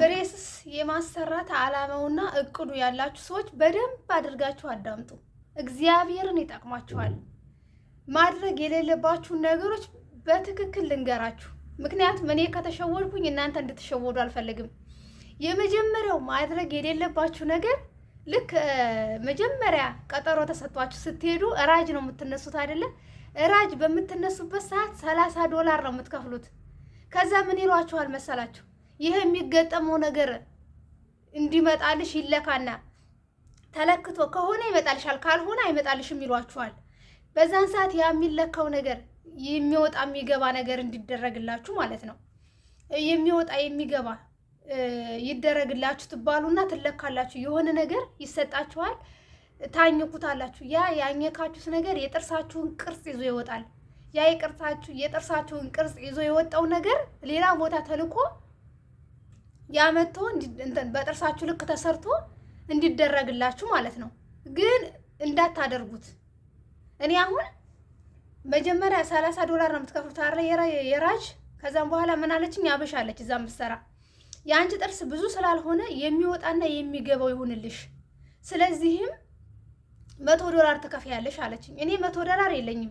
ብሬስስ የማሰራት አላማውና እቅዱ ያላችሁ ሰዎች በደንብ አድርጋችሁ አዳምጡ። እግዚአብሔርን ይጠቅማችኋል። ማድረግ የሌለባችሁን ነገሮች በትክክል ልንገራችሁ። ምክንያቱም እኔ ከተሸወድኩኝ እናንተ እንድትሸወዱ አልፈልግም። የመጀመሪያው ማድረግ የሌለባችሁ ነገር ልክ መጀመሪያ ቀጠሮ ተሰጥቷችሁ ስትሄዱ እራጅ ነው የምትነሱት አይደለ? እራጅ በምትነሱበት ሰዓት ሰላሳ ዶላር ነው የምትከፍሉት። ከዛ ምን ይሏችኋል መሰላችሁ ይህ የሚገጠመው ነገር እንዲመጣልሽ ይለካና ተለክቶ ከሆነ ይመጣልሻል፣ ካልሆነ አይመጣልሽም ይሏችኋል። በዛን ሰዓት ያ የሚለካው ነገር የሚወጣ የሚገባ ነገር እንዲደረግላችሁ ማለት ነው። የሚወጣ የሚገባ ይደረግላችሁ ትባሉና ትለካላችሁ። የሆነ ነገር ይሰጣችኋል፣ ታኝኩታላችሁ። ያ ያኘካችሁት ነገር የጥርሳችሁን ቅርጽ ይዞ ይወጣል። ያ የጥርሳችሁን ቅርጽ ይዞ የወጣው ነገር ሌላ ቦታ ተልኮ ያመጥቶ በጥርሳችሁ ልክ ተሰርቶ እንዲደረግላችሁ ማለት ነው። ግን እንዳታደርጉት። እኔ አሁን መጀመሪያ 30 ዶላር ነው የምትከፍሉት አይደለ? የራጅ ከዛም በኋላ ምን አለችኝ? ያበሻለች እዛ ምሰራ የአንቺ ጥርስ ብዙ ስላልሆነ የሚወጣና የሚገባው ይሁንልሽ። ስለዚህም መቶ ዶላር ትከፍያለሽ አለችኝ። እኔ መቶ ዶላር የለኝም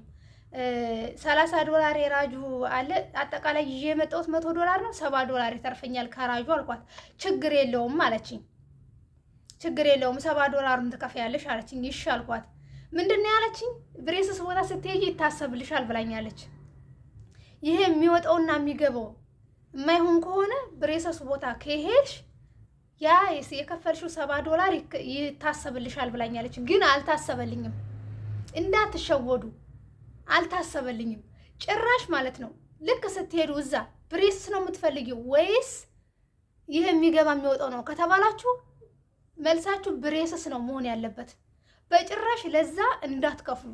ሰላሳ ዶላር የራጁ አለ አጠቃላይ ይዤ የመጣሁት መቶ ዶላር ነው። ሰባ ዶላር ይተርፈኛል ከራጁ አልኳት። ችግር የለውም አለችኝ። ችግር የለውም ሰባ ዶላሩን ትከፍያለሽ አለችኝ። ይሽ አልኳት። ምንድን ነው ያለችኝ? ብሬስስ ቦታ ስትሄጂ ይታሰብልሻል ብላኛለች። ይሄ የሚወጣውና የሚገባው የማይሆን ከሆነ ብሬሰስ ቦታ ከሄድሽ ያ የከፈልሽው ሰባ ዶላር ይታሰብልሻል ብላኛለች። ግን አልታሰበልኝም። እንዳትሸወዱ አልታሰበልኝም ጭራሽ ማለት ነው። ልክ ስትሄዱ እዛ ብሬስስ ነው የምትፈልጊው ወይስ ይህ የሚገባ የሚወጣው ነው ከተባላችሁ መልሳችሁ ብሬስስ ነው መሆን ያለበት። በጭራሽ ለዛ እንዳትከፍሉ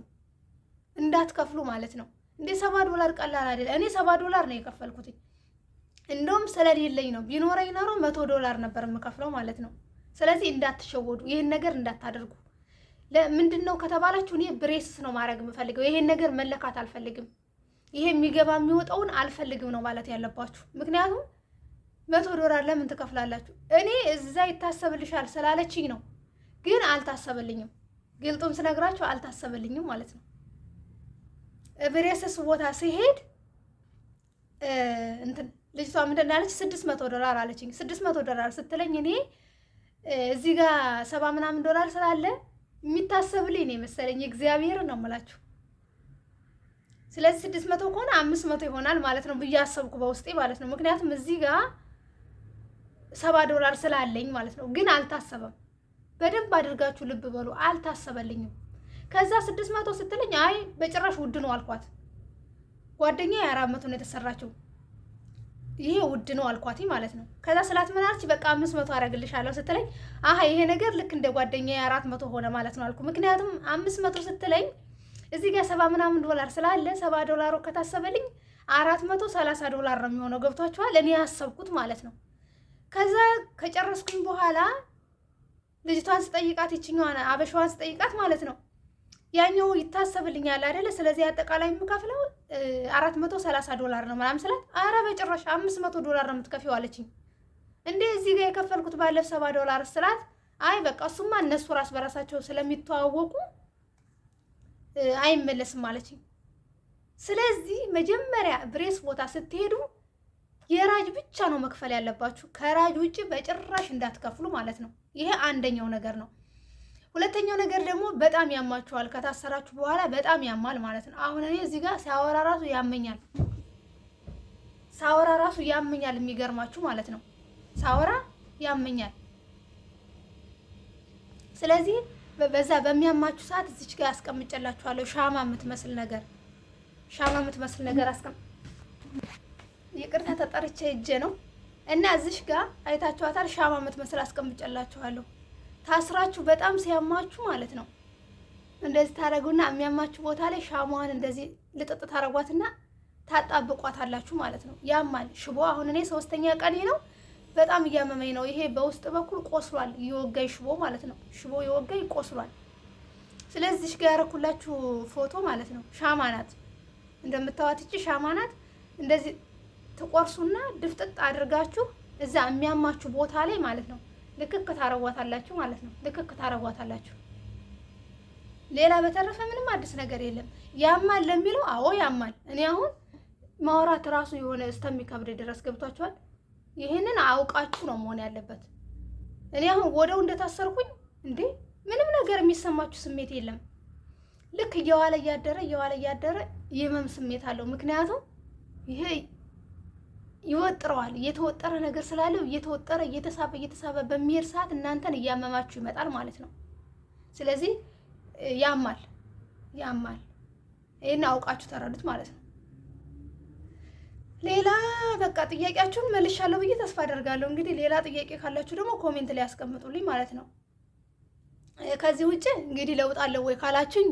እንዳትከፍሉ ማለት ነው። እንደ ሰባ ዶላር ቀላል አይደለ እኔ ሰባ ዶላር ነው የከፈልኩት። እንደውም ስለሌለኝ ነው። ቢኖረኝ ኖሮ መቶ ዶላር ነበር የምከፍለው ማለት ነው። ስለዚህ እንዳትሸወዱ፣ ይህን ነገር እንዳታደርጉ። ለምንድን ነው ከተባላችሁ እኔ ብሬስ ነው ማድረግ የምፈልገው። ይሄን ነገር መለካት አልፈልግም። ይሄ የሚገባ የሚወጣውን አልፈልግም ነው ማለት ያለባችሁ። ምክንያቱም መቶ ዶላር ለምን ትከፍላላችሁ? እኔ እዛ ይታሰብልሻል ስላለችኝ ነው። ግን አልታሰበልኝም። ግልጡም ስነግራችሁ አልታሰበልኝም ማለት ነው። ብሬስስ ቦታ ሲሄድ እንትን ልጅቷ ምንድን ያለች ስድስት መቶ ዶላር አለችኝ። ስድስት መቶ ዶላር ስትለኝ እኔ እዚህ ጋር ሰባ ምናምን ዶላር ስላለ የሚታሰብልኝ ነው የመሰለኝ እግዚአብሔር ነው የምላችሁ። ስለዚህ ስድስት መቶ ከሆነ አምስት መቶ ይሆናል ማለት ነው ብዬ አሰብኩ በውስጤ ማለት ነው። ምክንያቱም እዚህ ጋር ሰባ ዶላር ስላለኝ ማለት ነው። ግን አልታሰበም። በደንብ አድርጋችሁ ልብ በሉ። አልታሰበልኝም። ከዛ ስድስት መቶ ስትለኝ አይ በጭራሽ ውድ ነው አልኳት። ጓደኛ የአራት መቶ ነው የተሰራችው ይሄ ውድ ነው አልኳት ማለት ነው። ከዛ ስላት ምን አለች? በቃ አምስት መቶ አደርግልሻለሁ ስትለኝ አሀ ይሄ ነገር ልክ እንደ ጓደኛ አራት መቶ ሆነ ማለት ነው አልኩ። ምክንያቱም አምስት መቶ ስትለኝ እዚህ ጋር ሰባ ምናምን ዶላር ስላለ ሰባ ዶላሩ ከታሰበልኝ አራት መቶ ሰላሳ ዶላር ነው የሚሆነው። ገብቷችኋል? እኔ ያሰብኩት ማለት ነው። ከዛ ከጨረስኩኝ በኋላ ልጅቷን ስጠይቃት ይችኛዋን አበሻዋን ስጠይቃት ማለት ነው ያኛው ይታሰብልኛል አይደለ? ስለዚህ አጠቃላይ የምከፍለው አራት መቶ ሰላሳ ዶላር ነው ምናምን ስላት፣ አረ በጭራሽ አምስት መቶ ዶላር ነው የምትከፊው አለችኝ። እንዴ እዚህ ጋር የከፈልኩት ባለ ሰባ ዶላር ስላት፣ አይ በቃ እሱማ እነሱ ራስ በራሳቸው ስለሚተዋወቁ አይመለስም አለችኝ። ስለዚህ መጀመሪያ ብሬስ ቦታ ስትሄዱ የራጅ ብቻ ነው መክፈል ያለባችሁ። ከራጅ ውጭ በጭራሽ እንዳትከፍሉ ማለት ነው። ይሄ አንደኛው ነገር ነው። ሁለተኛው ነገር ደግሞ በጣም ያማችኋል። ከታሰራችሁ በኋላ በጣም ያማል ማለት ነው። አሁን እኔ እዚህ ጋር ሳወራ ራሱ ያመኛል፣ ሳወራ ራሱ ያመኛል። የሚገርማችሁ ማለት ነው ሳወራ ያመኛል። ስለዚህ በዛ በሚያማችሁ ሰዓት እዚች ጋር አስቀምጨላችኋለሁ። ሻማ የምትመስል ነገር ሻማ የምትመስል ነገር አስቀም ይቅርታ ተጠርቼ እጄ ነው እና እዚሽ ጋር አይታችኋታል። ሻማ የምትመስል አስቀምጨላችኋለሁ። ታስራችሁ በጣም ሲያማችሁ ማለት ነው እንደዚህ ታደረጉና የሚያማችሁ ቦታ ላይ ሻማዋን እንደዚህ ልጥጥ ታደረጓትና ታጣብቋታላችሁ ማለት ነው። ያማል ሽቦ። አሁን እኔ ሶስተኛ ቀኔ ነው፣ በጣም እያመመኝ ነው። ይሄ በውስጥ በኩል ቆስሏል፣ የወጋኝ ሽቦ ማለት ነው። ሽቦ የወጋኝ ቆስሏል። ስለዚህ ጋር ያረኩላችሁ ፎቶ ማለት ነው። ሻማ ናት እንደምታዋት እቺ ሻማ ናት። እንደዚህ ትቆርሱና ድፍጥጥ አድርጋችሁ እዛ የሚያማችሁ ቦታ ላይ ማለት ነው ልክክ ታረዋታላችሁ ማለት ነው። ልክክ ታረዋታላችሁ። ሌላ በተረፈ ምንም አዲስ ነገር የለም። ያማል ለሚለው አዎ ያማል። እኔ አሁን ማውራት ራሱ የሆነ እስከሚከብድ ድረስ ገብቷችኋል። ይህንን አውቃችሁ ነው መሆን ያለበት። እኔ አሁን ወደው እንደታሰርኩኝ እንዴ ምንም ነገር የሚሰማችሁ ስሜት የለም። ልክ እየዋለ እያደረ እየዋለ እያደረ የህመም ስሜት አለው። ምክንያቱም ይሄ ይወጥረዋል። እየተወጠረ ነገር ስላለው እየተወጠረ እየተሳበ እየተሳበ በሚሄድ ሰዓት እናንተን እያመማችሁ ይመጣል ማለት ነው። ስለዚህ ያማል ያማል። ይህን አውቃችሁ ተረዱት ማለት ነው። ሌላ በቃ ጥያቄያችሁን መልሻለሁ ብዬ ተስፋ አደርጋለሁ። እንግዲህ ሌላ ጥያቄ ካላችሁ ደግሞ ኮሜንት ላይ ያስቀምጡልኝ ማለት ነው። ከዚህ ውጭ እንግዲህ ለውጥ አለው ወይ ካላችሁኝ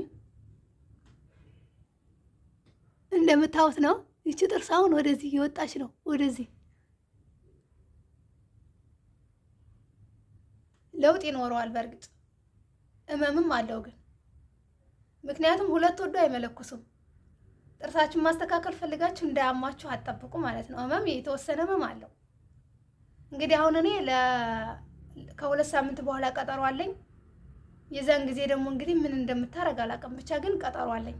እንደምታዩት ነው። ይቺ ጥርስ አሁን ወደዚህ እየወጣች ነው። ወደዚህ ለውጥ ይኖረዋል። በእርግጥ እመምም አለው ግን ምክንያቱም ሁለት ወዶ አይመለኩስም። ጥርሳችሁን ማስተካከል ፈልጋችሁ እንዳያማችሁ አጠብቁ ማለት ነው። እመም የተወሰነ እመም አለው። እንግዲህ አሁን እኔ ከሁለት ሳምንት በኋላ ቀጠሮ አለኝ። የዛን ጊዜ ደግሞ እንግዲህ ምን እንደምታረግ አላውቅም። ብቻ ግን ቀጠሮ አለኝ።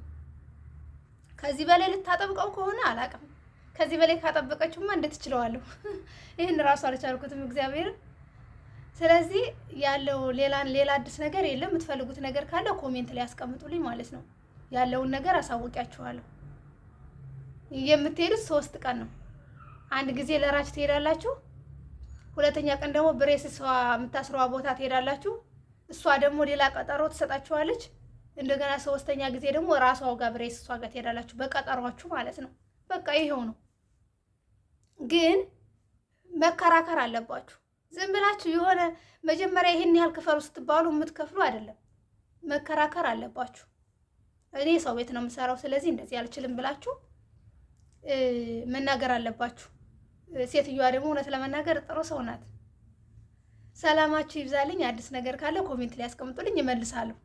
ከዚህ በላይ ልታጠብቀው ከሆነ አላውቅም። ከዚህ በላይ ካጠበቀችውማ እንዴት እችለዋለሁ? ይህን ራሱ አልቻልኩትም እግዚአብሔር ስለዚህ ያለው ሌላ ሌላ አዲስ ነገር የለም። የምትፈልጉት ነገር ካለ ኮሜንት ላይ ያስቀምጡልኝ ማለት ነው። ያለውን ነገር አሳውቂያችኋለሁ። የምትሄዱት ሶስት ቀን ነው። አንድ ጊዜ ለራች ትሄዳላችሁ። ሁለተኛ ቀን ደግሞ ብሬስ እሷ የምታስረዋ ቦታ ትሄዳላችሁ። እሷ ደግሞ ሌላ ቀጠሮ ትሰጣችኋለች። እንደገና ሶስተኛ ጊዜ ደግሞ ራሷ ጋር ብሬስ እሷ ጋር ትሄዳላችሁ በቀጠሯችሁ ማለት ነው። በቃ ይሄው ነው። ግን መከራከር አለባችሁ። ዝም ብላችሁ የሆነ መጀመሪያ ይሄን ያህል ክፈሉ ስትባሉ የምትከፍሉ አይደለም። መከራከር አለባችሁ። እኔ ሰው ቤት ነው የምሰራው፣ ስለዚህ እንደዚህ አልችልም ብላችሁ መናገር አለባችሁ። ሴትዮዋ ደግሞ እውነት ለመናገር ጥሩ ሰው ናት። ሰላማችሁ ይብዛልኝ። አዲስ ነገር ካለ ኮሜንት ላይ ያስቀምጡልኝ፣ እመልሳለሁ።